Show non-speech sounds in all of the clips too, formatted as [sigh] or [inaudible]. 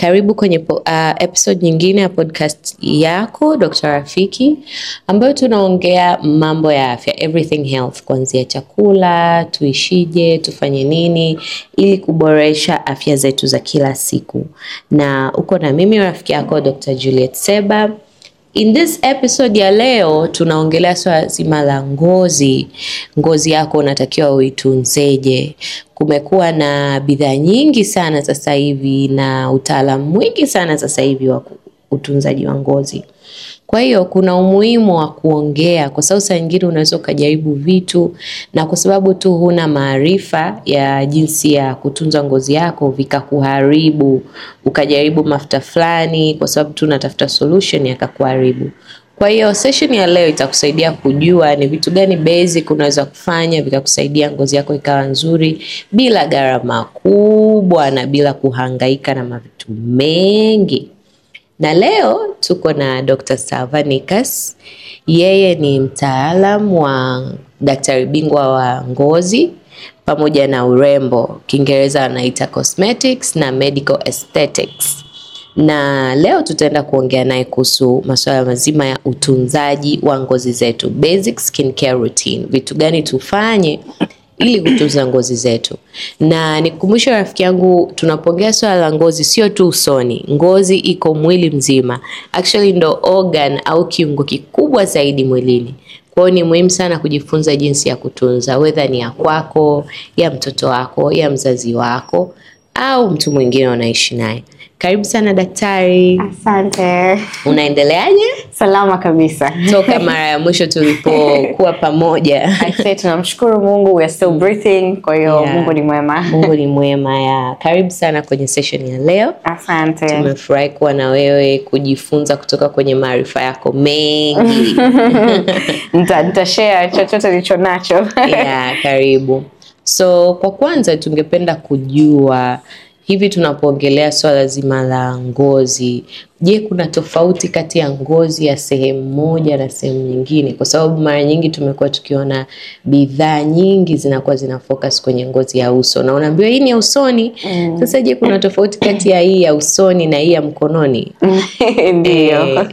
karibu kwenye po, uh, episode nyingine ya podcast yako Dr. Rafiki ambayo tunaongea mambo ya afya, everything health, kuanzia chakula, tuishije, tufanye nini ili kuboresha afya zetu za kila siku, na uko na mimi rafiki yako Dr. Juliet Seba. In this episode ya leo tunaongelea swala zima la ngozi. Ngozi yako unatakiwa uitunzeje? Kumekuwa na bidhaa nyingi sana sasa hivi na utaalamu mwingi sana sasa hivi wa utunzaji wa ngozi. Kwa hiyo kuna umuhimu wa kuongea, kwa sababu saa nyingine unaweza ukajaribu vitu na kwa sababu tu huna maarifa ya jinsi ya kutunza ngozi yako vikakuharibu, ukajaribu mafuta fulani kwa sababu tu unatafuta solution yakakuharibu. Kwa hiyo session ya leo itakusaidia kujua ni vitu gani basic unaweza kufanya vikakusaidia ngozi yako ikawa nzuri bila gharama kubwa na bila kuhangaika na mavitu mengi na leo tuko na Dr. Stavanikas. Yeye ni mtaalam wa daktari bingwa wa ngozi pamoja na urembo, Kiingereza anaita cosmetics na medical aesthetics, na leo tutaenda kuongea naye kuhusu masuala mazima ya utunzaji wa ngozi zetu, basic skincare routine, vitu gani tufanye ili kutunza ngozi zetu. Na nikukumbusha rafiki yangu, tunapongea swala la ngozi, sio tu usoni. Ngozi iko mwili mzima, actually ndo organ au kiungo kikubwa zaidi mwilini. Kwa ni muhimu sana kujifunza jinsi ya kutunza, wedha ni ya kwako, ya mtoto wako, ya mzazi wako, au mtu mwingine unaishi naye. Karibu sana daktari. Asante. Unaendeleaje? Salama kabisa. Toka mara ya mwisho tulipokuwa pamoja. Aise, tunamshukuru Mungu we are still breathing. Kwa hiyo yeah. Mungu ni mwema. Mungu ni [laughs] mwema ya. Karibu sana kwenye session ya leo. Asante. Tumefurahi kuwa na wewe kujifunza kutoka kwenye maarifa yako mengi. [laughs] share chochote nilicho nacho. [laughs] yeah, karibu. So kwa kwanza tungependa kujua Hivi tunapoongelea swala zima la ngozi, je, kuna tofauti kati ya ngozi ya sehemu moja na sehemu nyingine? Kwa sababu mara nyingi tumekuwa tukiona bidhaa nyingi zinakuwa zina focus kwenye ngozi ya uso na unaambiwa hii ni ya usoni. Mm. Sasa je, kuna tofauti kati ya hii ya usoni na hii ya mkononi? [laughs] Ndio. Eh.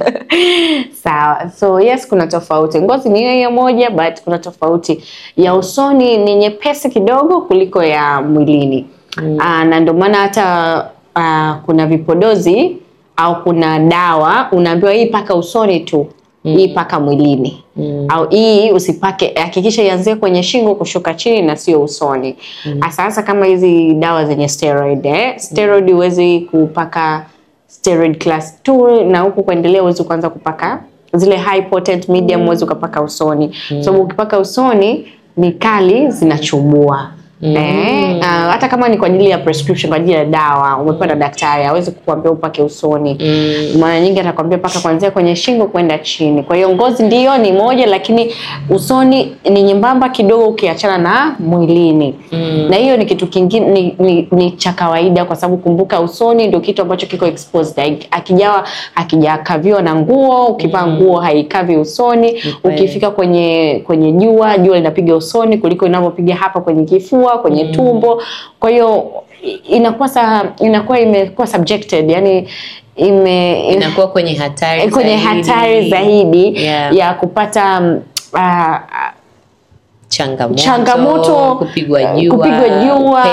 [laughs] Sawa. So yes, kuna tofauti. Ngozi ni hiyo moja but kuna tofauti. Ya usoni ni nyepesi kidogo kuliko ya mwilini mm. uh, na ndio maana hata uh, kuna vipodozi au kuna dawa unaambiwa hii paka usoni tu mm. hii paka mwilini mm. au hii usipake, hakikisha ianzie kwenye shingo kushuka chini na sio usoni mm. Sasa kama hizi dawa zenye steroid eh? Mm. steroid huwezi mm. kupaka steroid class 2 na huku kuendelea huwezi kuanza kupaka zile high potent medium mm. huwezi mm. ukapaka usoni mm. sababu so, ukipaka usoni ni kali zinachubua Mm. Eh, uh, hata kama ni kwa ajili ya prescription kwa ajili ya dawa umepewa na daktari, hawezi kukuambia upake usoni. Mm. Mara nyingi atakwambia paka kuanzia kwenye shingo kwenda chini. Kwa hiyo ngozi ndiyo ni moja, lakini usoni ni nyembamba kidogo ukiachana na mwilini. Mm. Na hiyo ni kitu kingine ni, ni, ni cha kawaida kwa sababu kumbuka, usoni ndio kitu ambacho kiko exposed. Akijawa akijakaviwa na nguo, ukivaa mm. nguo haikavi usoni. Okay. Ukifika kwenye kwenye jua, jua linapiga usoni kuliko inavyopiga hapa kwenye kifua kifua, kwenye mm. tumbo. Kwa hiyo inakuwa sa, inakuwa imekuwa subjected yani ime, inakuwa kwenye hatari eh, kwenye zaidi, hatari zaidi yeah. ya kupata uh, changamoto, changamoto kupigwa eh, jua, kupigwa jua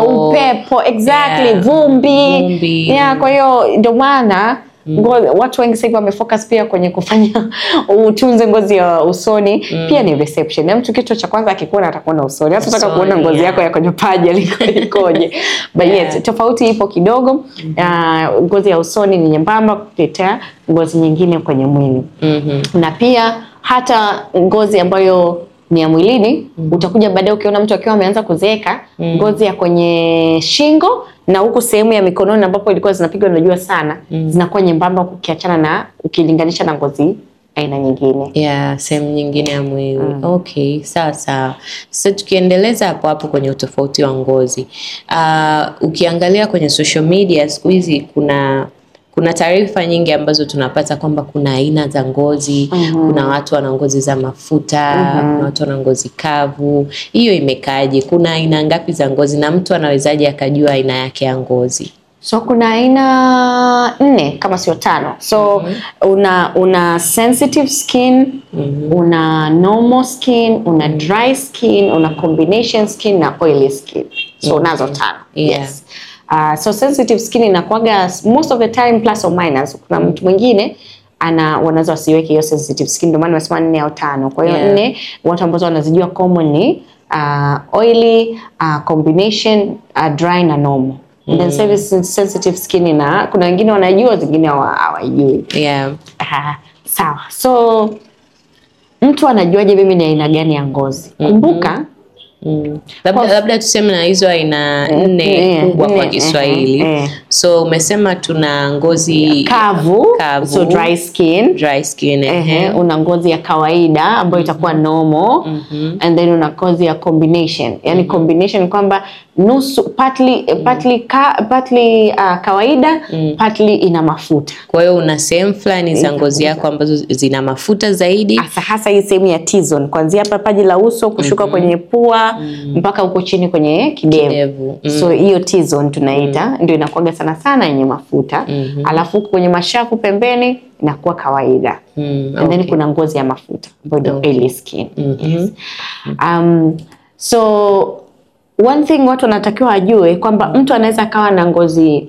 upepo, upepo exactly, yeah. vumbi, vumbi. Yeah, kwa hiyo ndio maana Mm. Ngozi, watu wengi sasa hivi wamefocus pia kwenye kufanya [laughs] utunze ngozi ya usoni mm. Pia ni reception na yaani mtu kitu cha kwanza akikuona atakuona usoni, hata utaka kuona ngozi yako ya kwenye paja liko [laughs] likoje. But yes, tofauti ipo kidogo. Uh, ngozi ya usoni ni nyembamba kupita ngozi nyingine kwenye mwili mm -hmm. Na pia hata ngozi ambayo ni ya mwilini mm. Utakuja baadaye ukiona mtu akiwa ameanza kuzeeka mm. Ngozi ya kwenye shingo na huku sehemu ya mikononi ambapo ilikuwa zinapigwa na jua sana mm. zinakuwa nyembamba ukiachana na ukilinganisha na ngozi aina nyingine yeah, sehemu nyingine ya mwili mm. Okay, sawa sawa. Sasa tukiendeleza hapo hapo kwenye utofauti wa ngozi uh, ukiangalia kwenye social media siku hizi kuna kuna taarifa nyingi ambazo tunapata kwamba kuna aina za ngozi mm kuna watu wana ngozi za mafuta mm kuna watu wana ngozi kavu. Hiyo imekaaje? Kuna aina ngapi za ngozi na mtu anawezaje akajua aina yake ya ngozi? So kuna aina nne kama sio tano. So mm -hmm. una una sensitive skin mm -hmm. una normal skin, una mhm. dry skin, una combination skin na oily skin. So mm -hmm. unazo tano. Yeah. Yes. Uh, so sensitive skin inakuwaga most of the time plus or minus. Kuna mtu mwingine ana wanaweza wasiweke hiyo sensitive skin, ndio maana nasema nne au tano. Kwa hiyo yeah. watu ambao wanazijua common ni uh, oily uh, combination uh, dry na normal mm. Then service sensitive skin na kuna wengine wanajua, zingine hawajui yeah. Uh, sawa, so mtu anajuaje mimi ni aina gani ya ngozi? mm -hmm. kumbuka Mm. Labda, labda tuseme na hizo aina nne mm, mm, kubwa kwa Kiswahili. So umesema tuna ngozi kavu, kavu, so dry skin, dry skin eh, ehe, eh. una ngozi ya kawaida ambayo mm-hmm. itakuwa normal mm -hmm. and then una ngozi ya combination, yani mm -hmm. combination kwamba nusu partly, mm. partly, ka, partly uh, kawaida mm. partly ina mafuta. Kwa hiyo una sehemu fulani za ngozi yako ambazo zina mafuta zaidi, hasa hasa hii sehemu ya T-zone kuanzia hapa paji la uso kushuka mm -hmm. kwenye pua mm. mpaka huko chini kwenye kidevu mm. so hiyo T-zone tunaita mm. ndio inakuwaga sana sana yenye mafuta mm -hmm. alafu kwenye mashavu pembeni inakuwa kawaida mm. okay. and then kuna ngozi ya mafuta ambayo ndio oily skin mm-hmm. mm -hmm. yes. um, so one thing watu wanatakiwa wajue kwamba mtu anaweza akawa na ngozi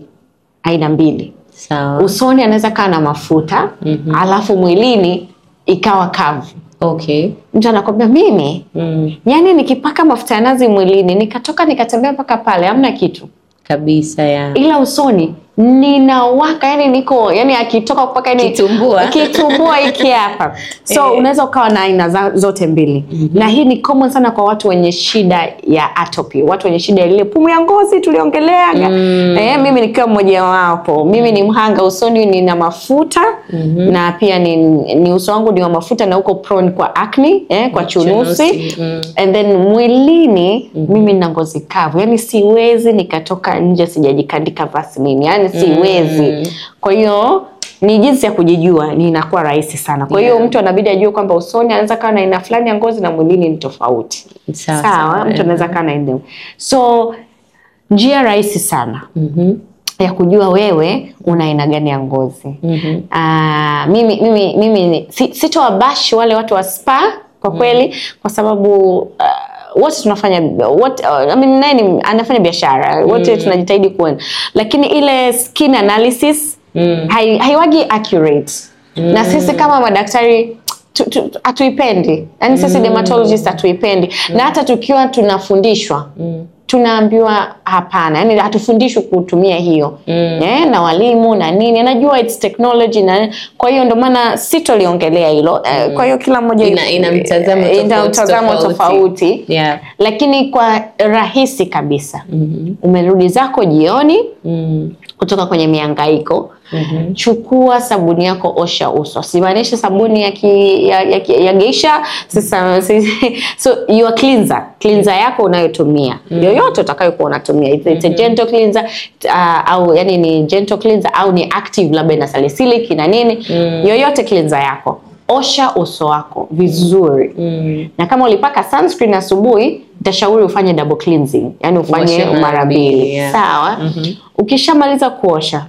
aina mbili. Sawa. Usoni anaweza kawa na mafuta mm -hmm. alafu mwilini ikawa kavu. Okay. Mtu anakwambia mimi mm. yani nikipaka mafuta ya nazi mwilini nikatoka nikatembea mpaka pale hamna kitu kabisa ya. Ila usoni ninawaka yani niko yani akitoka mpaka yani kitumbua kitumbua hiki hapa [laughs] so eh. unaweza ukawa na aina zote mbili mm -hmm. na hii ni common sana kwa watu wenye shida ya atopy watu wenye shida ya ile pumu ya ngozi tuliongelea mm. eh, mimi nikiwa mmoja wapo mimi ni mhanga usoni nina mafuta mm -hmm. na pia ni, ni uso wangu ni wa mafuta na uko prone kwa acne eh, kwa chunusi, chunusi. Mm. and then mwilini mm -hmm. mimi nina ngozi kavu yani siwezi nikatoka nje sijajikandika vaseline yani ambayo siwezi mm. Kwa hiyo ni jinsi ya kujijua ni inakuwa rahisi sana. Kwa hiyo yeah. Mtu anabidi ajue kwamba usoni anaweza kawa na aina fulani ya ngozi na mwilini ni tofauti. Sawa, sawa. Mtu mm-hmm. anaweza kawa na So njia rahisi sana mm -hmm ya kujua wewe una aina gani ya ngozi. mm -hmm. Aa, ah, mimi, mimi, mimi sitowabashi wale watu wa spa kwa mm. kweli. mm -hmm. Kwa sababu uh, wote tunafanya wote, uh, I mean, nani anafanya biashara wote mm. tunajitahidi kuona, lakini ile skin analysis mm. hai, haiwagi accurate mm. na sisi kama madaktari hatuipendi, yani sisi mm. dermatologist hatuipendi mm. na hata tukiwa tunafundishwa mm tunaambiwa hapana, yani hatufundishwi kutumia hiyo mm. Yeah, na walimu na nini, najua it's technology na kwa hiyo ndio maana sitoliongelea hilo eh, mm. Kwa hiyo kila mmoja ina, ina mtazamo eh, tofauti, tofauti. tofauti. Yeah. Lakini kwa rahisi kabisa mm -hmm. Umerudi zako jioni mm. kutoka kwenye mm mm -hmm. Chukua sabuni yako, osha uso, Simaanishi sabuni ya, ki, ya, ya, ya geisha sisa, sisa, [laughs] so your cleanser cleanser yako unayotumia mm -hmm. yoyote utakayokuwa unatumia it's, it's a mm-hmm. gentle cleanser uh, au yani ni gentle cleanser au ni active labda ina salicylic na nini mm -hmm. yoyote cleanser yako osha uso wako vizuri mm. Na kama ulipaka sunscreen asubuhi, nitashauri ufanye double cleansing, yani ufanye mara mbili, yeah. Sawa. mm -hmm. Ukishamaliza kuosha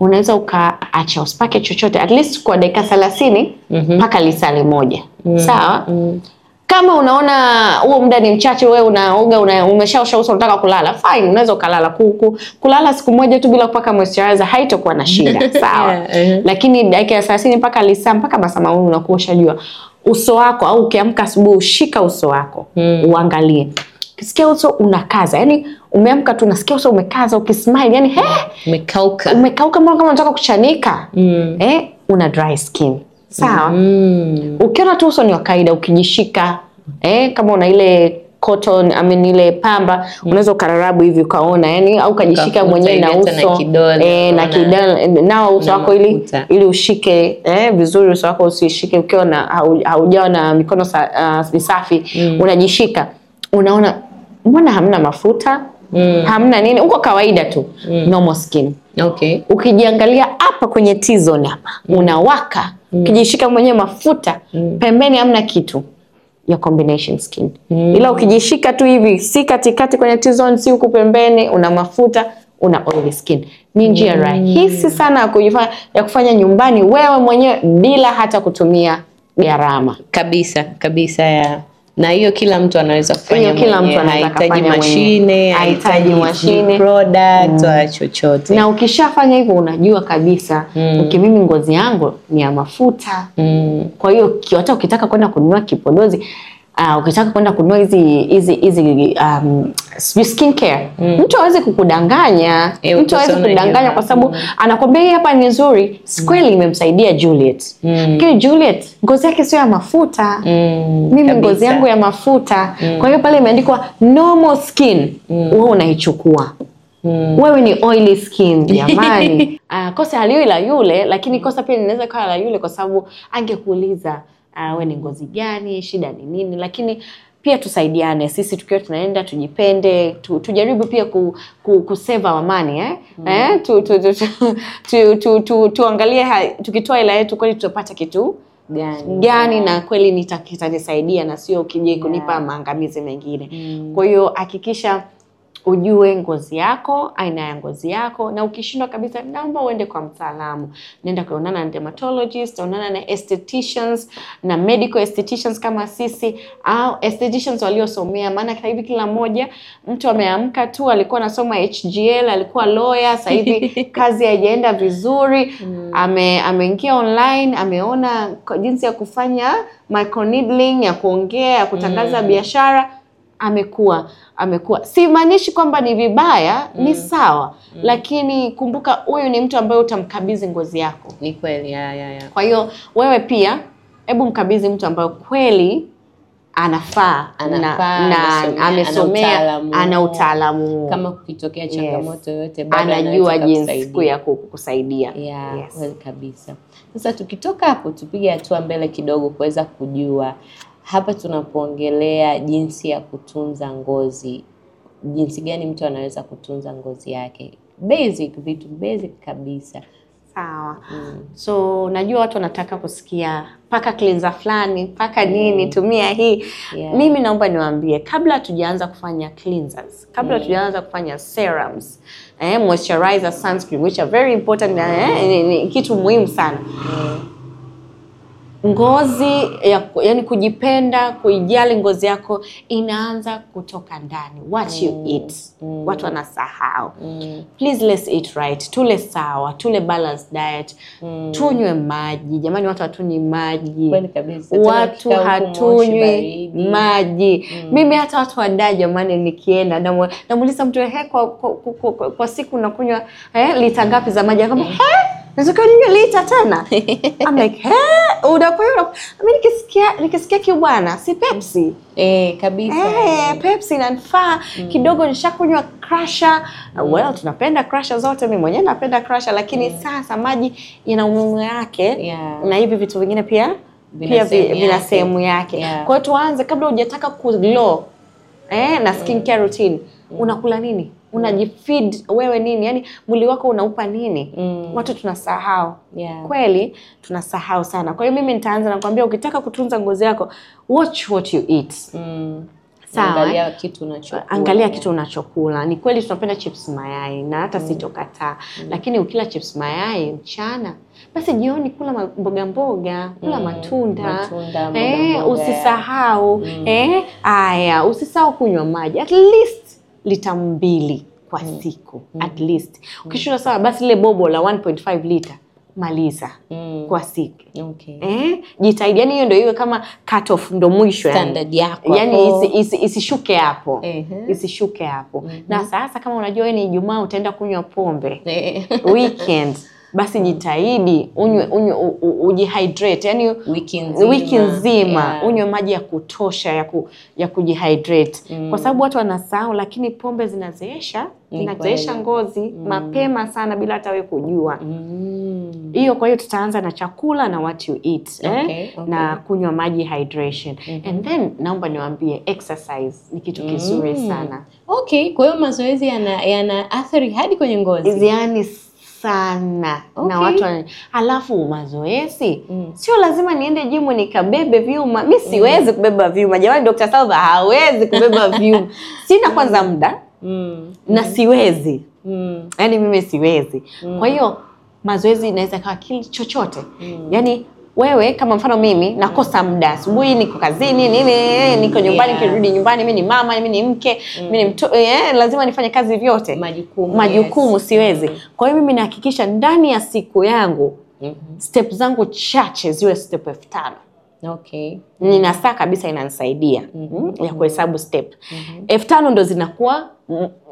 unaweza ukaacha usipake chochote at least kwa dakika thelathini mhm. mpaka mm -hmm. lisali moja mm -hmm. sawa mm -hmm. Kama unaona huo muda ni mchache, wewe unaoga una, umeshaosha uso unataka kulala, fine, unaweza ukalala. Kuku, kulala siku moja tu bila kupaka moisturizer haitakuwa na shida [laughs] sawa yeah. Eh. Lakini dakika ya 30 mpaka lisaa mpaka masaa mawili unakuwa ushajua uso wako, au ukiamka asubuhi ushika uso wako mm. uangalie ukisikia uso unakaza, yani umeamka tu unasikia uso umekaza, ukismile yani he, umekauka umekauka, mbona kama unataka kuchanika mm. eh, una dry skin sawa. mm. Ukiona tu uso ni wa kawaida, ukijishika eh, kama una ile cotton I mean ile pamba mm. unaweza ukararabu hivi ukaona, yani au ukajishika mwenyewe na uso na kidole eh, na kidole nao uso wako ili ili ushike eh, vizuri uso wako usishike ukiwa na haujawa na mikono sa, uh, safi mm. unajishika unaona mbona hamna mafuta mm. hamna nini, uko kawaida tu mm. normal skin. Okay. Ukijiangalia hapa kwenye t hapa mm. unawaka mm. ukijishika mwenyewe mafuta mm. pembeni hamna kitu ya combination skin mm. ila ukijishika tu hivi, si katikati kwenye t si huku pembeni, una mafuta una oily skin. Ni njia mm. rahisi sana ya kujifanya ya kufanya nyumbani wewe mwenyewe bila hata kutumia gharama kabisa kabisa ya yeah na hiyo kila mtu anaweza kufanya mtu anahitaji mashine, anahitaji mashine product mm. chochote. Na ukishafanya hivyo unajua kabisa mm. okay, mimi ngozi yangu ni ya mafuta mm. kwa hiyo hata ukitaka kwenda kununua kipodozi uh, ukitaka kwenda kunua hizi hizi hizi um, skin care mm. mtu hawezi kukudanganya e, mtu hawezi kukudanganya kwa sababu mm. anakwambia hii hapa ni nzuri kweli, mm. imemsaidia Juliet, mm. lakini mm. Juliet ngozi yake sio ya mafuta mm. mimi ngozi yangu ya mafuta mm. kwa hiyo pale imeandikwa normal skin mm. wewe unaichukua Hmm. Wewe ni oily skin [laughs] jamani. Uh, kosa haliwi la yule, lakini kosa pia linaweza kuwa la yule, kwa sababu angekuuliza Ah, we ni ngozi gani, shida ni nini, lakini pia tusaidiane sisi tukiwa tunaenda tujipende tu, tujaribu pia ku, ku, kuseva money eh? Mm. Eh? Tu, tu, tu, tu, tu, tu, tu, tuangalie tukitoa hela yetu kweli tutapata kitu gani, mm. gani na kweli nitanisaidia na sio kije kunipa yeah, maangamizi mengine mm. Kwa hiyo hakikisha ujue ngozi yako, aina ya ngozi yako, na ukishindwa kabisa, naomba uende kwa mtaalamu, nenda kuonana na dermatologist, onana na estheticians na medical estheticians kama sisi, au estheticians waliosomea, maana hivi kila mmoja mtu ameamka tu, alikuwa anasoma HGL, alikuwa lawyer, sasa hivi [laughs] kazi haijaenda vizuri mm. ame, ameingia online, ameona jinsi ya kufanya microneedling, ya kuongea, ya kutangaza mm. biashara amekuwa amekuwa, simaanishi kwamba ni vibaya mm. ni sawa mm. Lakini kumbuka huyu ni mtu ambaye utamkabidhi ngozi yako. Ni kweli ya, ya, ya. Kwa hiyo wewe pia hebu mkabidhi mtu ambaye kweli anafaa, anafaa na, na amesomea, ana utaalamu, kama kukitokea changamoto yoyote yes. anajua jinsi ya kukusaidia yeah, yes. kabisa. Sasa tukitoka hapo tupige hatua mbele kidogo kuweza kujua hapa tunapoongelea jinsi ya kutunza ngozi, jinsi gani mtu anaweza kutunza ngozi yake, basic vitu basic kabisa. Sawa. Mm. So najua watu wanataka kusikia paka cleanser fulani, paka nini, mm. tumia hii. Yeah. Mimi naomba niwaambie kabla tujaanza kufanya cleansers, kabla mm. tujaanza kufanya serums, eh, moisturizer, sunscreen which are very important mm. eh, ni, ni, kitu muhimu sana. Mm ngozi ya, yani kujipenda kuijali ngozi yako inaanza kutoka ndani what you eat mm. watu wanasahau mm. please let's eat right tule sawa tule balanced diet mm. tunywe maji jamani watu hatunywi maji watu hatunywi maji mm. mimi hata watu wadaa jamani nikienda namuuliza mtu he kwa, kwa, kwa, kwa, kwa siku nakunywa eh, lita ngapi za maji akamba mm lita tena [laughs] I'm like kwa unakuwa mimi nikisikia nikisikia kibwana si Pepsi eh, kabisa eh, Pepsi inanifaa mm. kidogo nishakunywa crusher mm. well tunapenda crusher zote, mimi mwenyewe napenda crusher lakini mm. sasa maji ina umuhimu wake yeah. na hivi vitu vingine pia pia vina sehemu yake kwa hiyo tuanze kabla hujataka ku glow eh, na mm. skincare routine mm. unakula nini? unajifeed wewe nini, yani mwili wako unaupa nini? mm. Watu tunasahau yeah. Kweli tunasahau sana. Kwa hiyo mimi nitaanza na kuambia, ukitaka kutunza ngozi yako watch what you eat mm. Sawa, angalia kitu unachokula, angalia kitu unachokula. Ni kweli tunapenda chips mayai na hata mm. sitokataa mm. lakini ukila chips mayai mchana basi jioni kula mboga mboga, kula mm, matunda, matunda eh, mboga, eh, Usisahau mm. eh, aya, usisahau kunywa maji at least lita mbili kwa mm. siku mm. at least mm. ukishinda sawa, basi ile bobo la 1.5 lita maliza mm. kwa siku okay. Eh, jitahidi yani, hiyo ndio iwe kama cut off, ndo mwisho standard yako yani, isi, isishuke hapo uh-huh. isishuke hapo mm-hmm. na sasa kama unajua wewe ni Ijumaa utaenda kunywa pombe eh. [laughs] weekend basi mm. jitahidi unywe unywe ujihydrate, yani wiki nzima, wiki nzima yeah. unywe maji ya kutosha ya, ku, ya kujihydrate mm. kwa sababu watu wanasahau, lakini pombe zinazeesha zinazeesha ngozi mm. mapema sana bila hata wewe kujua mm. hiyo mm. Kwa hiyo tutaanza na chakula na what you eat eh? okay, okay. na kunywa maji hydration mm -hmm. and then naomba niwaambie exercise ni kitu kizuri mm. sana okay. Kwa hiyo mazoezi yana, yana athari hadi kwenye ngozi yani sana okay. na watu alafu mazoezi mm. sio lazima niende jimu nikabebe vyuma mi mm. siwezi mm. kubeba vyuma jamani Dr. Salva hawezi kubeba [laughs] vyuma sina kwanza mm. muda mm. na mm. siwezi mm. yaani mimi siwezi mm. kwa hiyo mazoezi inaweza kawa kili chochote mm. yaani wewe kama mfano mimi nakosa muda asubuhi, niko kazini nini, eh, mm, niko nyumbani yeah. Kirudi nyumbani mi ni mama, mi ni mke mm. mi ni mtu yeah, lazima nifanye kazi vyote majukumu, majukumu yes. Siwezi. Kwa hiyo mimi nahakikisha ndani ya siku yangu mm -hmm. step zangu chache ziwe step elfu tano okay. Nina saa kabisa inanisaidia mm-hmm. mm -hmm. ya kuhesabu step mm-hmm. elfu mm -hmm. tano ndo zinakuwa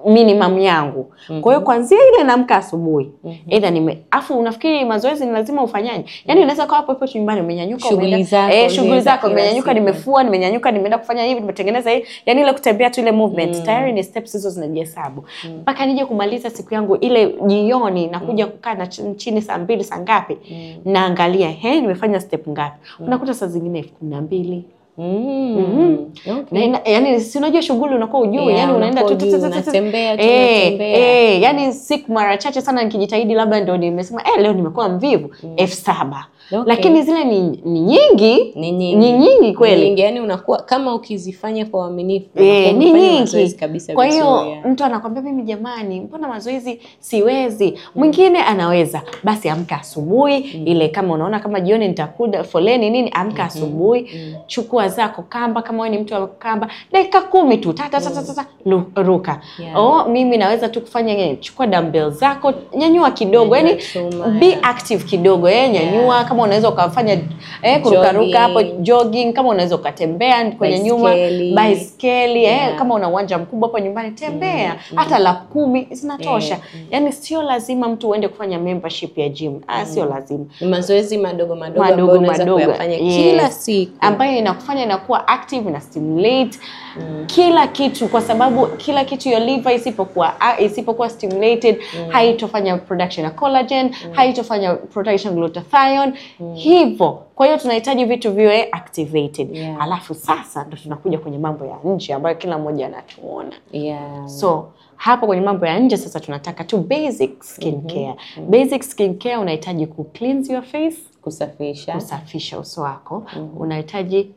minimum yangu. Mm -hmm. Kwa hiyo kwanzia ile naamka asubuhi. Mm -hmm. Either nime afu unafikiri mazoezi ni lazima ufanyaje? Yaani unaweza kawa popo hapo nyumbani umenyanyuka umeenda eh shughuli zako eh, umenyanyuka nimefua nimenyanyuka nimeenda kufanya hivi nimetengeneza hivi. Yaani ile kutembea tu ile movement mm -hmm. tayari ni steps hizo zinajihesabu. Mm. Mpaka mm -hmm. nije kumaliza siku yangu ile jioni na mm. kuja kukaa na chini saa mbili saa ngapi? Mm -hmm. Naangalia he nimefanya step ngapi? Mm -hmm. Unakuta saa zingine 12. Mm-hmm. Mm-hmm. yani si unajua shughuli unakuwa ujui yeah, yani unaenda tu tu eh, eh, yani siku mara chache sana nikijitahidi labda ndio nimesema eh, leo nimekuwa mvivu mm. elfu mm. saba okay. lakini zile ni, ni nyingi ni nyingi, ni nyingi kweli yani unakuwa kama ukizifanya kwa uaminifu e, ni nyingi kabisa. Kwa hiyo mtu anakwambia mimi, jamani, mbona mazoezi siwezi? Mwingine anaweza basi, amka asubuhi mm. ile kama unaona kama jioni nitakuda foleni nini, amka mm -hmm. asubuhi mm. chukua zako kamba, kama wewe ni mtu wa kamba, dakika kumi tu tata tata tata ruka yeah. oh, mimi naweza tu kufanya, eh, chukua dumbbell zako, nyanyua kidogo, yani be active kidogo, yeye eh, nyanyua yeah kama unaweza ukafanya eh, kurukaruka hapo jogging, kama unaweza ukatembea kwenye nyuma baiskeli eh, yeah. eh, kama una uwanja mkubwa hapo nyumbani tembea mm, mm. hata lap kumi zinatosha mm, mm. yani sio lazima mtu uende kufanya membership ya gym ah, sio mm. lazima. Mazoezi madogo madogo madogo madogo kuyafanya yes. kila siku ambayo inakufanya inakuwa active na stimulate mm. kila kitu, kwa sababu kila kitu your liver isipokuwa ah, isipokuwa stimulated mm. haitofanya production ya collagen mm. haitofanya production glutathione Mm. hivyo. Kwa hiyo tunahitaji vitu viwe activated yeah. Alafu sasa ndo tunakuja kwenye mambo ya nje ambayo kila mmoja anatuona yeah. So hapo kwenye mambo ya nje sasa tunataka tu basic skin mm-hmm. care. Mm -hmm. Basic skin care unahitaji ku cleanse your face, kusafisha kusafisha uso wako mm -hmm. unahitaji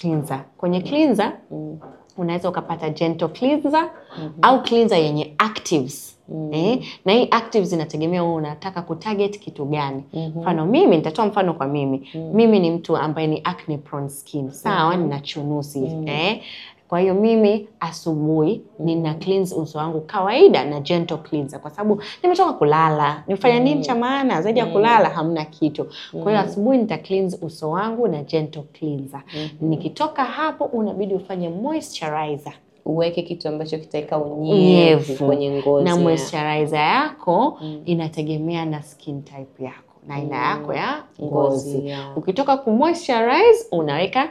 cleanser. Kwenye mm-hmm. cleanser mm -hmm. unaweza ukapata gentle cleanser mm -hmm. au cleanser yenye actives mm mm. eh, na hii actives inategemea wewe unataka kutarget kitu gani. Mm-hmm. Mfano mm -hmm. mimi nitatoa mfano kwa mimi mm. mimi ni mtu ambaye ni acne prone skin sawa, mm. nina chunusi mm. eh, kwa hiyo mimi asubuhi mm. nina cleanse uso wangu kawaida na gentle cleanser, kwa sababu nimetoka kulala, nimefanya mm. nini cha maana zaidi ya mm. kulala? Hamna kitu. Kwa hiyo asubuhi nita cleanse uso wangu na gentle cleanser. Nikitoka hapo, unabidi ufanye moisturizer uweke kitu ambacho kitaweka unyevu kwenye ngozi na moisturizer yako mm. inategemea na skin type yako na aina mm. yako ya ngozi, yeah. ukitoka moisturize unaweka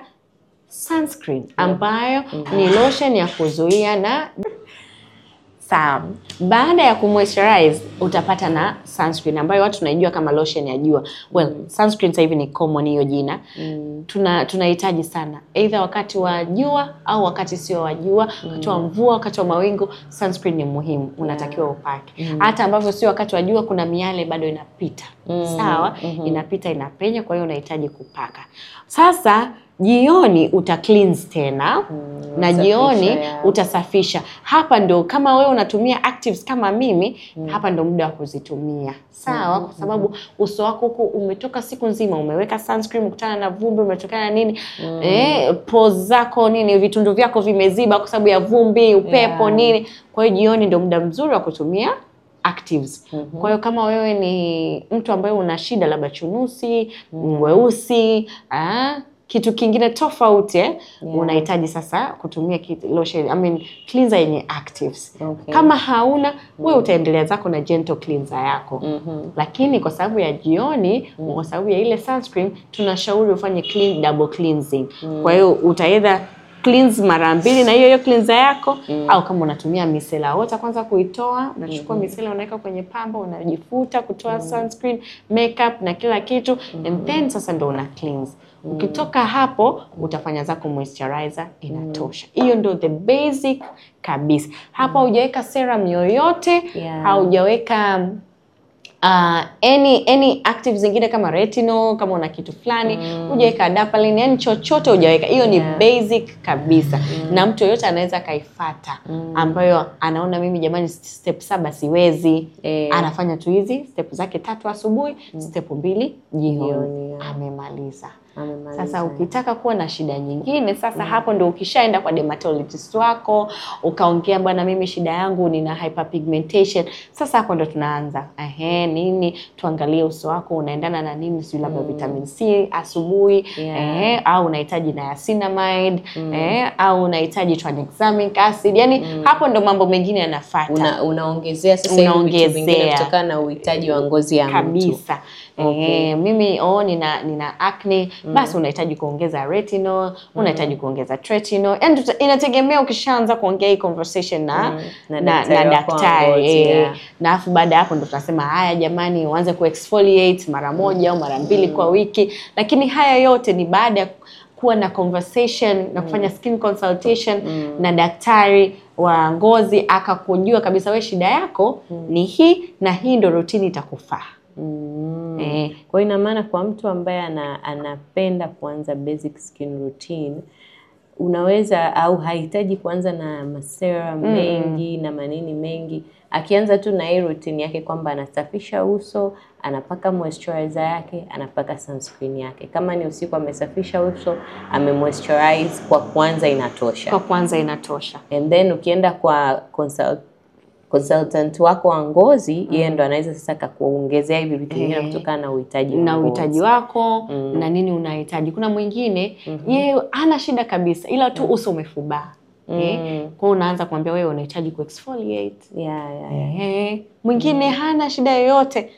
sunscreen ambayo yeah. Mm. ni lotion ya kuzuia na Sawa. Baada ya kumoisturize utapata na sunscreen ambayo watu tunaijua kama lotion ya jua. Well, sunscreen sasa hivi ni common hiyo jina. Mm. Tuna tunahitaji sana. Either wakati wa jua au wakati sio wa jua, wakati wa mm. mvua, wakati wa mawingu, sunscreen ni muhimu. Unatakiwa upake. Mm. Hata ambavyo sio wakati wa jua kuna miale bado inapita. Mm. Sawa? Mm -hmm. Inapita inapenya kwa hiyo unahitaji kupaka. Sasa jioni uta cleanse tena mm, na jioni Utasafisha. Hapa ndo kama wewe unatumia actives kama mimi mm. Hapa ndo muda wa kuzitumia sawa, mm-hmm, kwa sababu mm-hmm. uso wako huko umetoka siku nzima, umeweka sunscreen, umekutana na vumbi, umetokana na nini mm. Eh, pores zako nini, vitundu vyako vimeziba kwa sababu ya vumbi, upepo yeah. nini. Kwa hiyo jioni ndo muda mzuri wa kutumia actives. Mm -hmm. Kwa hiyo kama wewe ni mtu ambaye una shida labda chunusi mm -hmm. weusi ah kitu kingine tofauti eh? yeah. Unahitaji sasa kutumia lotion, I mean, cleanser yenye actives okay. Kama hauna mm. wewe mm. utaendelea zako na gentle cleanser yako mm -hmm. Lakini kwa sababu ya jioni mm. kwa sababu ya ile sunscreen tunashauri ufanye clean, double cleansing mm. Kwa hiyo utaedha cleanse mara mbili na hiyo hiyo cleanser yako mm. au kama unatumia micellar water kwanza kuitoa unachukua mm -hmm. micellar unaweka kwenye pamba unajifuta kutoa mm -hmm. sunscreen makeup na kila kitu mm -hmm. and mm-hmm. then sasa ndo una cleanse mm -hmm. ukitoka hapo utafanya zako moisturizer inatosha mm. hiyo ndo the basic kabisa hapo haujaweka mm -hmm. serum yoyote haujaweka uh, any, any active zingine kama retino kama una kitu fulani mm. hujaweka dapalin, yani chochote hujaweka hiyo yeah. ni basic kabisa mm. na mtu yoyote anaweza akaifata mm. ambayo anaona mimi jamani, step saba siwezi eh. anafanya tu hizi step zake tatu asubuhi mm. step mbili jioni amemaliza. Sasa ukitaka kuwa na shida nyingine sasa, mm. hapo ndo ukishaenda kwa dermatologist wako ukaongea, bwana, mimi shida yangu nina hyperpigmentation. Sasa hapo ndo tunaanza ehe, nini, tuangalie uso wako unaendana na nini, sio labda mm. vitamin C asubuhi yeah. ehe, au unahitaji niacinamide mm. ehe, au unahitaji tranexamic acid, yani mm. hapo ndo mambo mengine yanafuata, unaongezea una sasa unaongezea kutokana na uhitaji wa ngozi ya mtu kabisa okay. Eh, mimi oh, nina nina acne mm. Basi unahitaji kuongeza retinol mm. Unahitaji kuongeza tretinoin, yani inategemea ukishaanza kuongea hii conversation na mm. na, na, na eh, yeah. Na afu baada ya hapo ndo tunasema haya, jamani, uanze kuexfoliate mara moja au mm. mara mbili mm. kwa wiki, lakini haya yote ni baada ya kuwa na conversation na kufanya mm. skin consultation mm. na daktari wa ngozi akakujua kabisa we shida yako mm. ni hii na hii ndo rutini itakufaa. Mm. Eh, kwa ina maana kwa mtu ambaye ana, anapenda kuanza basic skin routine unaweza au hahitaji kuanza na masera mm. mengi mm na manini mengi, akianza tu na hii routine yake kwamba anasafisha uso, anapaka moisturizer yake, anapaka sunscreen yake. Kama ni usiku amesafisha uso, amemoisturize, kwa kwanza inatosha, kwa kwanza inatosha. And then ukienda kwa consult consultant wako wa ngozi mm. yeye ndo anaweza sasa kakuongezea hivi vitu vingine kutokana na uhitaji na uhitaji wako mm. na nini unahitaji. Kuna mwingine mm -hmm. yeye hana shida kabisa, ila tu mm. uso umefubaa eh? Mm. kwa unaanza kuambia wewe unahitaji kuexfoliate. Yeah, yeah, yeah. Eh? mwingine mm. hana shida yoyote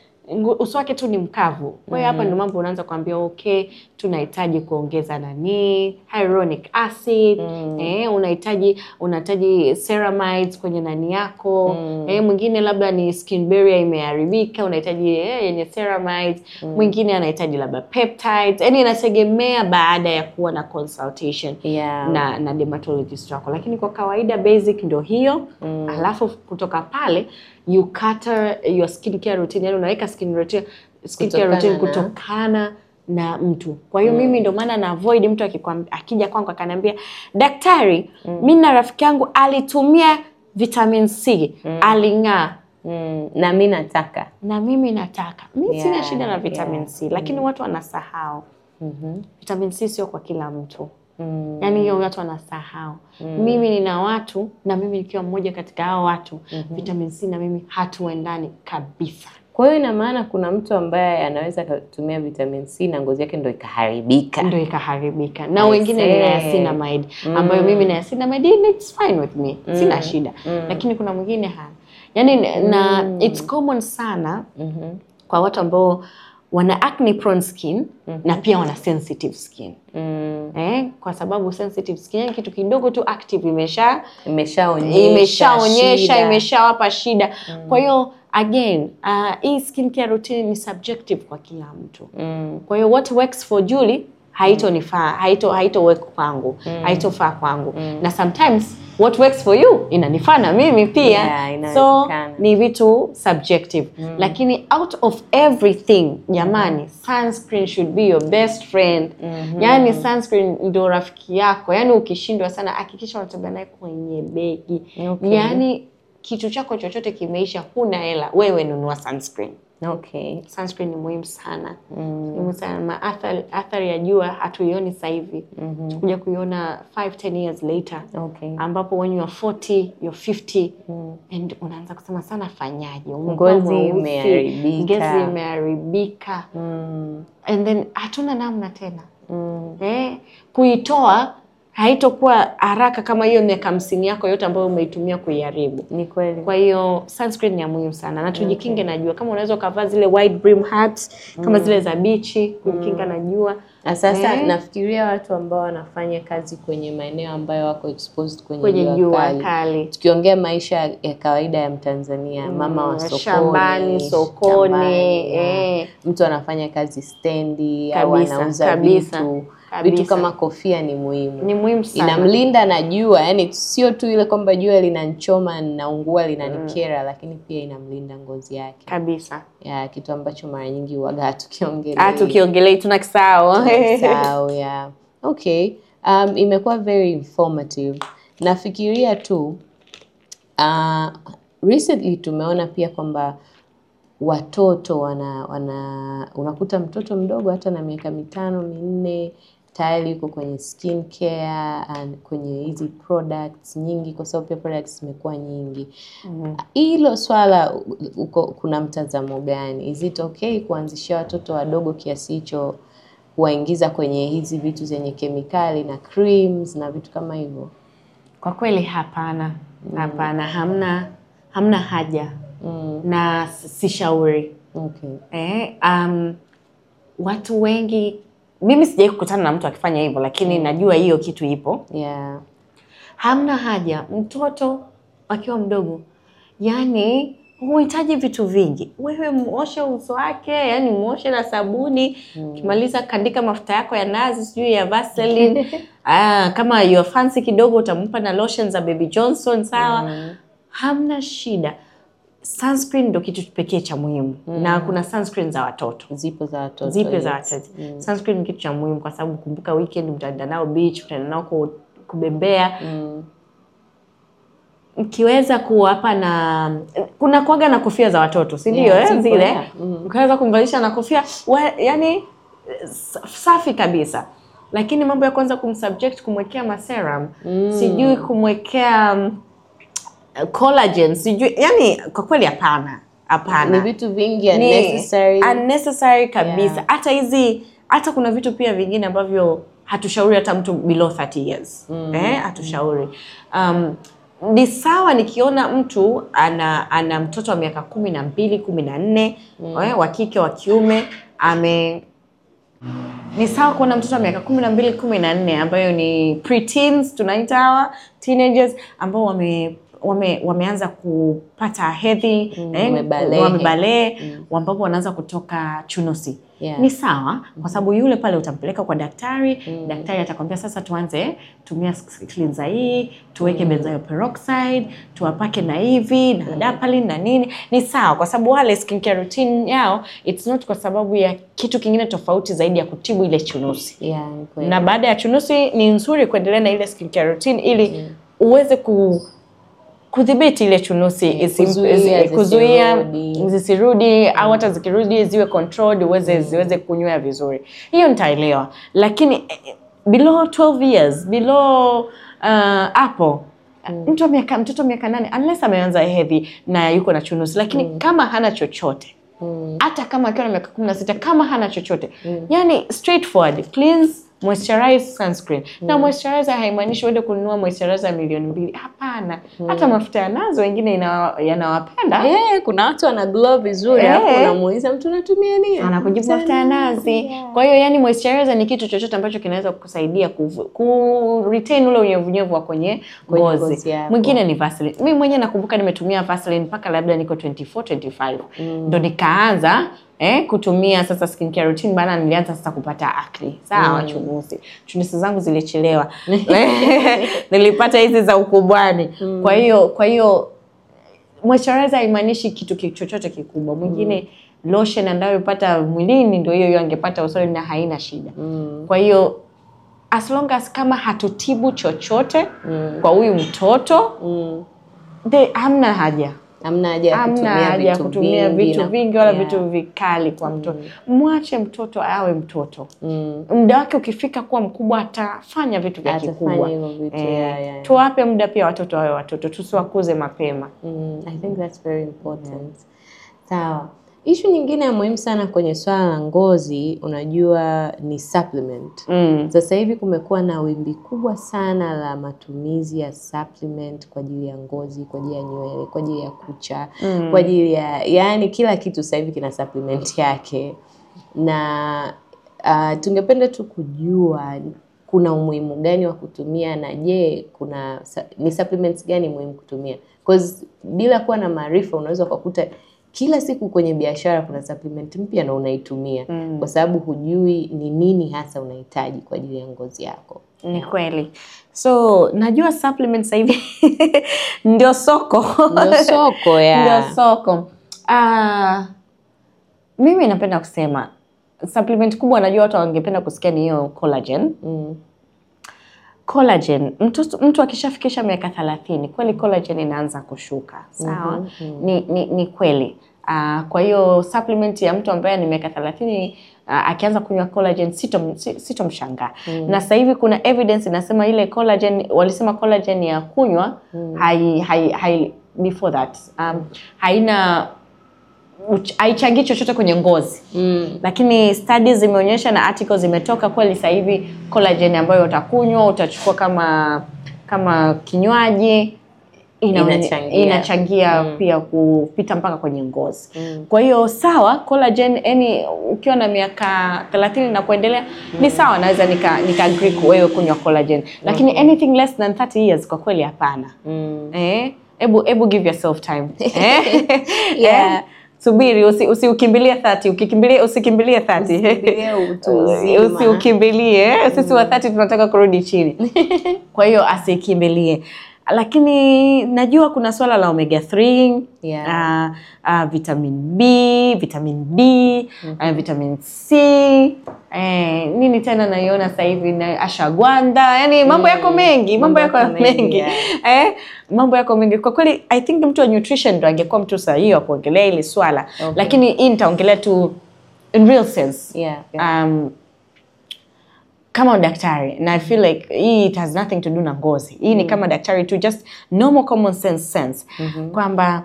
uso wake tu ni mkavu. Kwa hiyo hapa mm. ndo mambo unaanza kuambia okay, tunahitaji kuongeza nani hyaluronic acid mm. Eh, unahitaji unahitaji ceramides kwenye nani yako mm. Eh, mwingine labda ni skin barrier imeharibika, unahitaji eh, yenye ceramides mm. Mwingine anahitaji labda peptides, yani inategemea baada ya kuwa na consultation yeah. na na dermatologist wako, lakini kwa kawaida basic ndo hiyo mm. Alafu kutoka pale you cater your skincare routine, yani unaweka skin routine, skincare routine kutokana na mtu. Kwa hiyo mm. mimi ndio maana na avoid mtu akija kwangu akaniambia daktari, mm. mimi na rafiki yangu alitumia vitamin C mm. aling'aa Mm, na mimi nataka na mimi nataka mimi yeah, sina shida na vitamin yeah. C lakini mm. watu wanasahau mm -hmm. vitamin C sio kwa kila mtu Mm. Yaani hiyo watu wanasahau. Mm. Mimi nina watu na mimi nikiwa mmoja katika hao watu, mm -hmm. Vitamin C na mimi hatuendani kabisa. Kwa hiyo ina maana kuna mtu ambaye anaweza kutumia vitamin C na ngozi yake ndo ikaharibika. Ndio ikaharibika. Na wengine ni niacinamide mm. ambayo mimi mm. niacinamide it's fine with me. Mm. Sina shida. Mm. Lakini kuna mwingine ha Yaani na mm. it's common sana mm -hmm. kwa watu ambao wana acne prone skin mm -hmm. na pia wana sensitive skin mm. Eh, kwa sababu sensitive skin yani kitu kidogo tu active imesha imeshaonyesha imeshaonyesha imeshawapa shida, imesha shida. Mm. Kwa hiyo again uh, hii skin care routine ni subjective kwa kila mtu mm. Kwa hiyo what works for Julie haitonifaa, haito haito work kwangu mm. haitofaa kwangu mm. na sometimes what works for you inanifaa na mimi pia yeah, so ni vitu subjective mm. lakini out of everything mm-hmm. jamani sunscreen should be your best friend mm-hmm. yani sunscreen ndio rafiki yako yani ukishindwa sana hakikisha unatembea naye kwenye begi okay. yani kitu chako chochote kimeisha huna hela wewe nunua sunscreen Mm-hmm. Okay. ni muhimu sana mm. sana athari, ya jua hatuioni sahivi mm -hmm. Kuja kuiona 5 10 years later okay. Ambapo when you are 40 you are 50 mm. And unaanza kusema sana, fanyaje, ngozi imeharibika, imeharibika mm. And then hatuna namna tena mm. Eh, kuitoa haitokuwa haraka kama hiyo miaka hamsini yako yote ambayo umeitumia kuiharibu. Ni kweli. Kwa hiyo sunscreen ni ya muhimu sana na tujikinge okay. na jua, kama unaweza ukavaa zile wide brim kama mm. zile za bichi kujikinga mm. na jua. Na sasa eh, nafikiria watu ambao wanafanya kazi kwenye maeneo ambayo wako exposed kwenye, kwenye jua, kali, kali. Tukiongea maisha ya kawaida ya Mtanzania mm. mama wa sokoni, shambani, sokoni, eh. mtu anafanya kazi stendi au anauza vitu Vitu kama kofia ni muhimu, ni muhimu sana, inamlinda na jua, yani sio tu ile kwamba jua linanchoma naungua linanikera, mm. lakini pia inamlinda ngozi yake kabisa, ya kitu ambacho mara nyingi uwaga hatukiongelei, ah, hatukiongelei tunakisahau, [laughs] tunakisahau [laughs] yeah. Okay, um, imekuwa very informative. Nafikiria tu uh, recently tumeona pia kwamba watoto wana, wana unakuta mtoto mdogo hata na miaka mitano minne tayari yuko kwenye skin care and kwenye hizi products nyingi, kwa sababu pia products zimekuwa nyingi. Mm-hmm. Hilo mm -hmm. swala uko, kuna mtazamo gani? Is it okay kuanzishia watoto wadogo kiasi hicho kuwaingiza kwenye hizi vitu zenye kemikali na creams na vitu kama hivyo? Kwa kweli hapana, mm. hapana, hamna hamna haja mm. na sishauri okay. Eh, um, watu wengi mimi sijai kukutana na mtu akifanya hivyo, lakini mm. najua hiyo kitu ipo yeah. Hamna haja mtoto akiwa mdogo, yani huhitaji vitu vingi. Wewe muoshe uso wake, yani muoshe na sabuni mm. Ukimaliza kandika mafuta yako ya nazi, sijui ya Vaseline [laughs] ah, kama you fancy kidogo utampa na lotion za Baby Johnson, sawa mm. hamna shida sunscreen ndo kitu pekee cha muhimu mm. na kuna sunscreen za watoto zipo za watoto zipo za watoto mm. sunscreen ni kitu cha muhimu kwa sababu kumbuka weekend mtaenda nao beach mtaenda nao kubembea mm. mkiweza kuwapa na kuna kuaga na kofia za watoto si ndio yeah, eh, zile mm. mkaweza kumvalisha na kofia wa, yani safi kabisa lakini mambo ya kwanza kumsubject kumwekea maseram mm. sijui kumwekea Eh, collagen siju yani kwa kweli hapana hapana ni vitu vingi unnecessary, unnecessary kabisa hata yeah. hizi hata kuna vitu pia vingine ambavyo hatushauri hata mtu below 30 years mm. eh, hatushauri um, ni sawa nikiona mtu ana ana mtoto wa miaka kumi na mbili kumi na nne mm. Eh, wa kike wa kiume ame ni sawa kuona mtoto wa miaka kumi na mbili kumi na nne ambayo ni pre-teens tunaita hawa teenagers ambao wame wame, wameanza kupata hedhi mm, eh, wamebalee mm. ambapo wanaanza kutoka chunusi yeah. Ni sawa kwa mm. sababu yule pale utampeleka kwa daktari mm. Daktari atakwambia sasa, tuanze tumia cleanser hii, tuweke mm. benzoyl peroxide, tuwapake na hivi na mm. adapalin na nini. Ni sawa kwa sababu wale skincare routine yao it's not kwa sababu ya kitu kingine tofauti zaidi ya kutibu ile chunusi yeah, na baada ya chunusi ni nzuri kuendelea na ile skincare routine ili yeah. Mm. uweze ku kudhibiti ile chunusi kuzuia, zisirudi mm. au hata mm. zikirudi ziwe controlled uweze mm. ziweze kunywea vizuri. Hiyo nitaelewa, lakini eh, eh, below 12 years below uh, uh, mtu mm. miaka mtoto miaka nane unless ameanza hedhi na yuko na chunusi, lakini mm. kama hana chochote mm. hata mm. kama akiwa na miaka 16 kama hana chochote mm. yani straightforward, please moisturize sunscreen mm. na moisturizer haimaanishi uende kununua moisturizer milioni mbili. Hapana mm. hata mafuta yanazo wengine yanawapenda. Hey, eh, kuna watu wana glow vizuri hey. Alafu eh. unamuuliza mtu unatumia nini, anakujibu mafuta ya nazi yeah. Kwa hiyo yani moisturizer ni kitu chochote ambacho kinaweza kukusaidia ku retain ule unyevunyevu wa kwenye ngozi. Mwingine ni Vaseline. Mimi mwenyewe nakumbuka nimetumia Vaseline mpaka labda niko 24 25 mm. ndo mm. nikaanza eh, kutumia sasa skincare routine, maana nilianza sasa kupata akli sawa, mm. chunusi chunusi zangu zilichelewa [laughs] [laughs] nilipata hizi za ukubwani mm. kwa hiyo kwa hiyo moisturizer haimaanishi kitu chochote kikubwa. Mwingine mm. lotion anayopata mwilini ndio hiyo hiyo angepata usoni na haina shida mm. kwa hiyo as long as kama hatutibu chochote mm. kwa huyu mtoto mm. hamna haja Hamna haja ya kutumia vitu, kutumia vingi, vitu vingi wala yeah, vitu vikali kwa mtoto mm. Mwache mtoto awe mtoto mm. Muda wake ukifika kuwa mkubwa atafanya vitu vya kikubwa eh, yeah, yeah. Tuwape muda pia watoto wawe watoto, tusiwakuze mapema mm. I think that's very important. Sawa. Ishu nyingine ya muhimu sana kwenye swala la ngozi, unajua ni supplement. Mm. Sasa hivi kumekuwa na wimbi kubwa sana la matumizi ya supplement kwa ajili ya ngozi, kwa ajili ya nywele, kwa ajili ya kucha, mm. kwa ajili ya yani kila kitu sasa hivi kina supplement yake. Na uh, tungependa tu kujua kuna umuhimu gani wa kutumia na je, kuna ni supplements gani muhimu kutumia? bila kuwa na maarifa unaweza ukakuta kila siku kwenye biashara kuna supplement mpya na unaitumia mm. kwa sababu hujui ni nini hasa unahitaji kwa ajili ya ngozi yako. Ni kweli. So najua supplement sasa hivi [laughs] ndio soko ndio soko [laughs] ya ndio soko. Ah, mimi napenda kusema supplement kubwa, najua watu wangependa kusikia ni hiyo collagen mm collagen mtu, mtu akishafikisha miaka thelathini kweli collagen inaanza kushuka sawa. mm -hmm. Ni, ni, ni kweli uh, kwa hiyo supplement ya mtu ambaye ni miaka thelathini uh, akianza kunywa collagen sitomshangaa sito mm -hmm. Na sasa hivi kuna evidence inasema ile collagen walisema collagen ya kunywa mm -hmm. hai, hai, hai, before that um, haina haichangii chochote kwenye ngozi mm. lakini studies zimeonyesha na articles zimetoka kweli sasa hivi collagen ambayo utakunywa utachukua kama kama kinywaji inachangia, inachangia mm. pia kupita mpaka kwenye ngozi mm. kwa hiyo sawa collagen yani ukiwa na miaka thelathini na kuendelea mm. ni sawa naweza nika, nika agree wewe kunywa collagen lakini mm. anything less than 30 years kwa kweli hapana mm. eh? ebu, ebu give yourself time [laughs] eh? yeah. [laughs] eh? subiri usi, usiukimbilie 30 ukikimbilie usikimbilie thati usiukimbilie [laughs] sisi wa thati tunataka kurudi chini [laughs] kwa hiyo asikimbilie lakini najua kuna swala la omega 3 yeah. uh, uh, vitamin B, vitamin D mm -hmm. uh, mm-hmm. vitamin C eh, nini tena naiona sahivi hivi na ashwagandha, yani mambo yako mm, mengi, mambo yako mengi yeah. [laughs] eh, mambo yako mengi kwa kweli. I think mtu wa nutrition ndo angekuwa mtu sahihi wa kuongelea hili swala okay. Lakini hii nitaongelea tu in real sense yeah, yeah. Um, kama daktari na I feel like hii it has nothing to do na ngozi hii mm. ni kama daktari tu just normal common sense sense mm -hmm. kwamba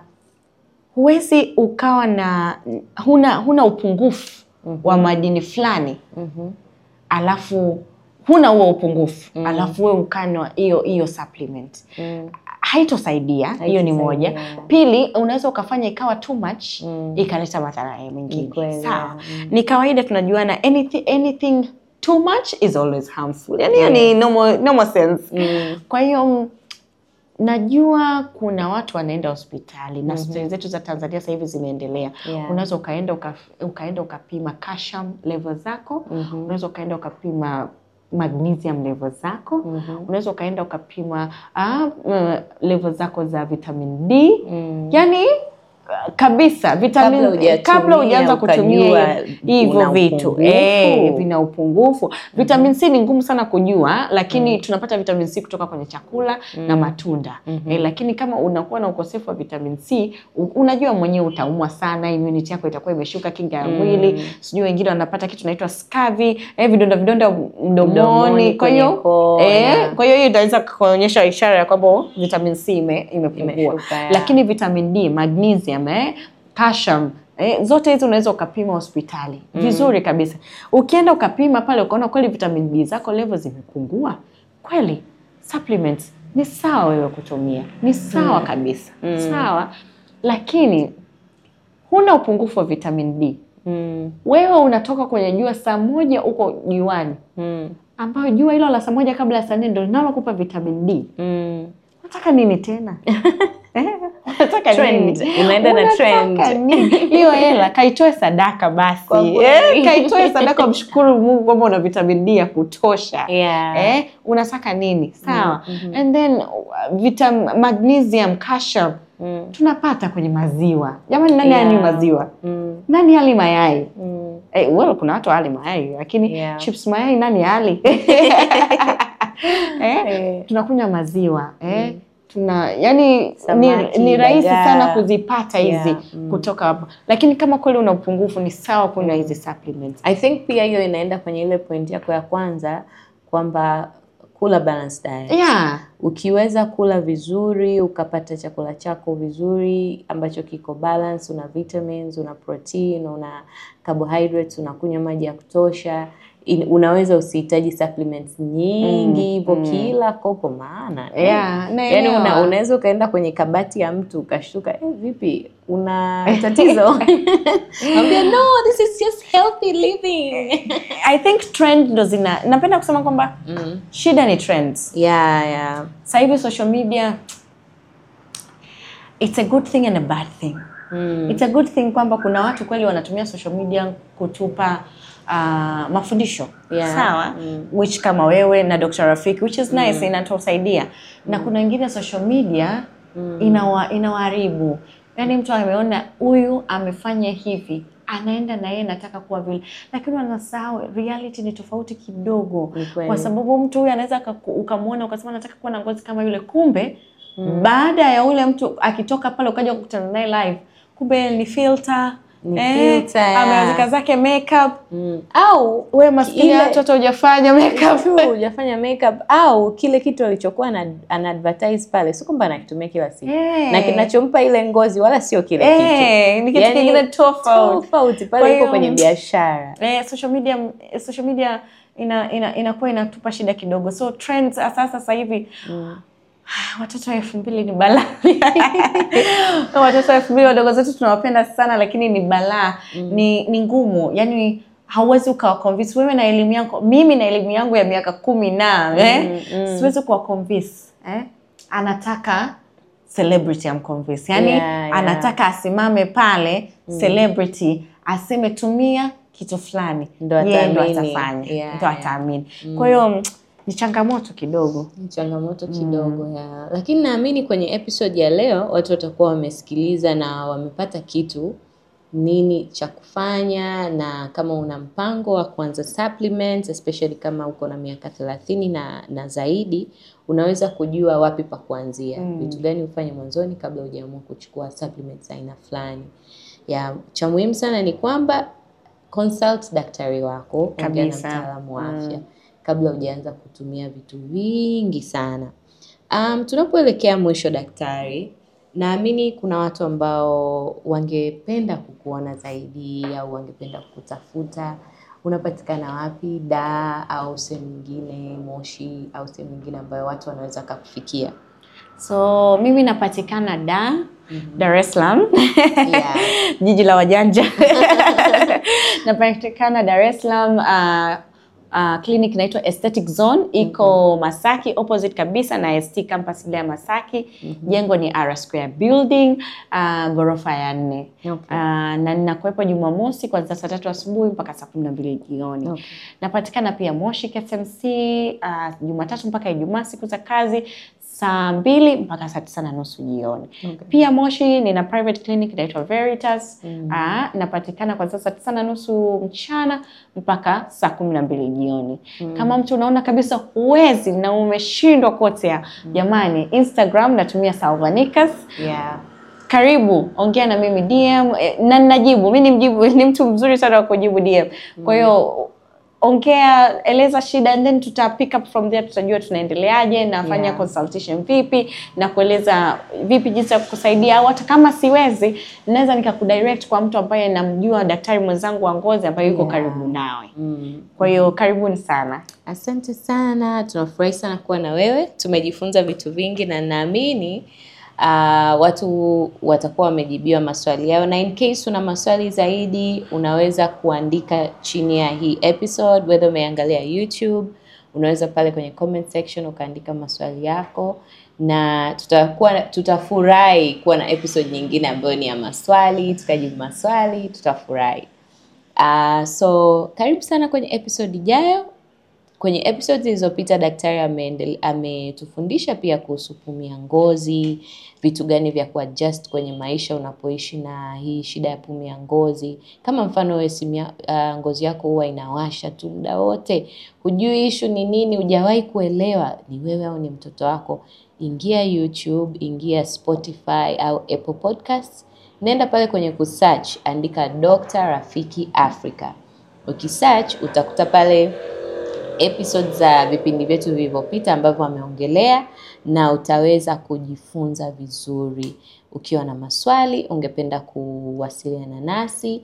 huwezi ukawa na huna huna upungufu mm -hmm. wa mm-hmm. madini fulani mm -hmm. alafu huna huo upungufu mm. alafu we ukanywa hiyo hiyo supplement mm. haitosaidia hiyo ni moja pili unaweza ukafanya ikawa too much mm. ikaleta madhara mengine sawa mm. ni kawaida tunajuana anything, anything too much is always harmful yani yani mm. normal, normal sense mm. kwa hiyo mm, najua kuna watu wanaenda hospitali na hospitali mm -hmm. zetu za tanzania sasa hivi zimeendelea yeah. unaweza ukaenda ukaenda ukapima calcium level zako mm -hmm. unaweza ukaenda ukapima magnesium level zako mm -hmm. unaweza ukaenda ukapima ah, uh, level zako za vitamin d mm. yani kabisa vitamini kabla hujaanza kutumia hivyo vitu eh, vina upungufu. Mm-hmm. Vitamin C ni ngumu sana kujua, lakini mm. tunapata vitamin C kutoka kwenye chakula mm. na matunda mm -hmm. eh, lakini kama unakuwa na ukosefu wa vitamin C unajua mwenyewe utaumwa sana, immunity yako itakuwa imeshuka, kinga ya mm. mwili mm. sijui wengine wanapata kitu naitwa scavi eh, vidonda vidonda mdomoni, kwa hiyo eh, kwa hiyo hiyo inaweza kuonyesha ishara ya kwamba vitamin C imepungua ime, lakini vitamin D magnesium magnesium eh, eh, zote hizi unaweza ukapima hospitali mm. vizuri kabisa. Ukienda ukapima pale ukaona kweli vitamin B zako levels zimepungua kweli, supplements ni sawa wewe kutumia, ni sawa mm. kabisa mm. sawa, lakini huna upungufu wa vitamin D mm. wewe unatoka kwenye jua saa moja uko juani mm. ambayo jua hilo la saa moja kabla ya saa nne ndo linalokupa vitamin D mm. Nataka nini tena? [laughs] unataka trend. Nini? Unaenda na trend. Hiyo hela kaitoe sadaka basi. Eh, kaitoe sadaka mshukuru Mungu kwamba una vitamin D ya kutosha. Yeah. Eh, unataka nini? Sawa. Mm -hmm. And then uh, vitam magnesium, calcium mm. tunapata kwenye maziwa. Jamani nani yeah. anywi maziwa? Mm. Nani ali mayai? Mm. Eh, well, kuna watu ali mayai lakini yeah. chips mayai nani hali? [laughs] Eh, eh, tunakunywa maziwa eh. Mm tuna yani Samaki, ni, ni rahisi sana kuzipata hizi yeah. mm. kutoka hapo, lakini kama kweli una upungufu ni sawa kunywa mm. hizi supplements. I think pia hiyo inaenda kwenye ile point yako ya kwanza kwamba kula balanced diet. Yeah. Ukiweza kula vizuri ukapata chakula chako vizuri ambacho kiko balance, una vitamins, una protein, una carbohydrates, unakunywa maji ya kutosha in, unaweza usihitaji supplements nyingi hivo mm, mm. kila kopo maana yeah, mm. yani una, unaweza ukaenda kwenye kabati ya mtu ukashuka eh, vipi una [laughs] tatizo [laughs] no this is just healthy living [laughs] i think trend ndo zina napenda kusema kwamba mm. shida ni trends yeah, yeah. sasa hivi social media it's a good thing and a bad thing mm. it's a good thing kwamba kuna watu kweli wanatumia social media kutupa mm uh, mafundisho yeah. Sawa. Mm. Which kama wewe na Dr. Rafiki which is nice mm. inatusaidia mm. na kuna wengine social media mm. inawa inawaharibu yaani mtu ameona huyu amefanya hivi anaenda na yeye nataka kuwa vile, lakini wanasahau reality ni tofauti kidogo, kwa sababu mtu huyu anaweza ukamwona ukasema nataka kuwa na ngozi kama yule, kumbe mm. baada ya ule mtu akitoka pale ukaja kukutana naye live, kumbe ni filter eh, ameazika zake makeup mm. au we maskini mtoto hujafanya makeup [laughs] hujafanya makeup au kile kitu alichokuwa na an advertise pale, si kwamba anakitumia kila siku eh. na kinachompa ile ngozi wala sio kile eh, kitu ni kitu yani, kingine tofauti tofauti pale iko kwenye mm, biashara eh, social media social media inakuwa ina, ina inatupa shida kidogo, so trends sasa sasa hivi mm [sighs] watoto wa elfu mbili ni balaa [laughs] watoto wa elfu mbili wadogo zetu tunawapenda sana lakini ni balaa mm. ni, ni ngumu yani hauwezi ukawaconvince wewe na elimu yako mimi na elimu yangu ya miaka kumi na mm, eh? mm. siwezi kuwaconvince eh? anataka celebrity amconvince yani yeah, yeah. anataka asimame pale mm. celebrity aseme tumia kitu fulani ndo atafanya yeah, ndo ataamini yeah. kwa hiyo yeah mm ni changamoto kidogo, ni changamoto mm. kidogo mm. ya lakini naamini kwenye episode ya leo watu watakuwa wamesikiliza na wamepata kitu nini cha kufanya, na kama una mpango wa kuanza supplements especially kama uko na miaka thelathini na, na zaidi unaweza kujua wapi pa kuanzia, mm. vitu mm. gani ufanye mwanzoni kabla hujaamua kuchukua supplements aina fulani. Ya cha muhimu sana ni kwamba consult daktari wako, ongea na mtaalamu wa mm. afya mm kabla hujaanza kutumia vitu vingi sana. Um, tunapoelekea mwisho daktari, naamini kuna watu ambao wangependa kukuona zaidi au wangependa kukutafuta. Unapatikana wapi, da au sehemu nyingine, Moshi au sehemu nyingine ambayo watu wanaweza kukufikia? So mimi napatikana da mm -hmm. Dar es Salaam yeah. [laughs] jiji la wajanja [laughs] napatikana Dar es Salaam uh, uh, clinic inaitwa Aesthetic Zone iko mm -hmm. Masaki opposite kabisa na ST campus ile ya Masaki mm -hmm. Jengo ni R Square building uh, ghorofa ya nne okay. uh, na ninakuwepo Jumamosi kwanza saa tatu asubuhi mpaka saa kumi na mbili jioni okay. Napatikana pia Moshi KSMC uh, Jumatatu mpaka Ijumaa siku za kazi saa mbili mpaka saa tisa na nusu jioni. Okay. Pia Moshi nina private clinic inaitwa Veritas. Mm. Aa, ah, inapatikana kwanzia saa tisa na nusu mchana mpaka saa kumi na mbili jioni. Mm. Kama mtu unaona kabisa huwezi na umeshindwa kotea, mm. Jamani, Instagram natumia Salvanicas. Yeah. Karibu ongea na mimi DM, eh, na najibu. Mimi ni mjibu, ni mtu mzuri sana wa kujibu DM. Kwa mm. hiyo mm ongea, eleza shida and then tuta pick up from there, tutajua tunaendeleaje, nafanya yeah. consultation vipi na kueleza vipi jinsi ya kukusaidia, au hata kama siwezi, naweza nikakudirect kwa mtu ambaye namjua, daktari mwenzangu wa ngozi ambaye yuko yeah. karibu nawe mm. Kwa hiyo karibuni sana, asante sana, tunafurahi sana kuwa na wewe, tumejifunza vitu vingi na naamini Uh, watu watakuwa wamejibiwa maswali yao, na in case una maswali zaidi unaweza kuandika chini ya hii episode, whether umeangalia YouTube, unaweza pale kwenye comment section ukaandika maswali yako, na tutakuwa tutafurahi kuwa na episode nyingine ambayo ni ya maswali, tukajibu maswali, tutafurahi. Uh, so karibu sana kwenye episode ijayo. Kwenye episode zilizopita daktari ametufundisha ametufundisha pia kuhusu pumu ya ngozi, vitu gani vya kuadjust kwenye maisha unapoishi na hii shida ya pumu ya ngozi. Kama mfano wewe simu uh, ngozi yako huwa inawasha tu muda wote, hujui ishu ni nini, hujawahi kuelewa ni wewe au ni mtoto wako, ingia YouTube, ingia Spotify au Apple podcast nenda pale kwenye kusearch, andika Dr. Rafiki Africa. Ukisearch utakuta pale episode za vipindi vyetu vilivyopita ambavyo ameongelea na utaweza kujifunza vizuri. Ukiwa na maswali, ungependa kuwasiliana nasi,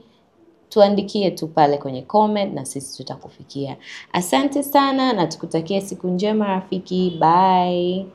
tuandikie tu pale kwenye comment na sisi tutakufikia. Asante sana na tukutakie siku njema rafiki. Bye.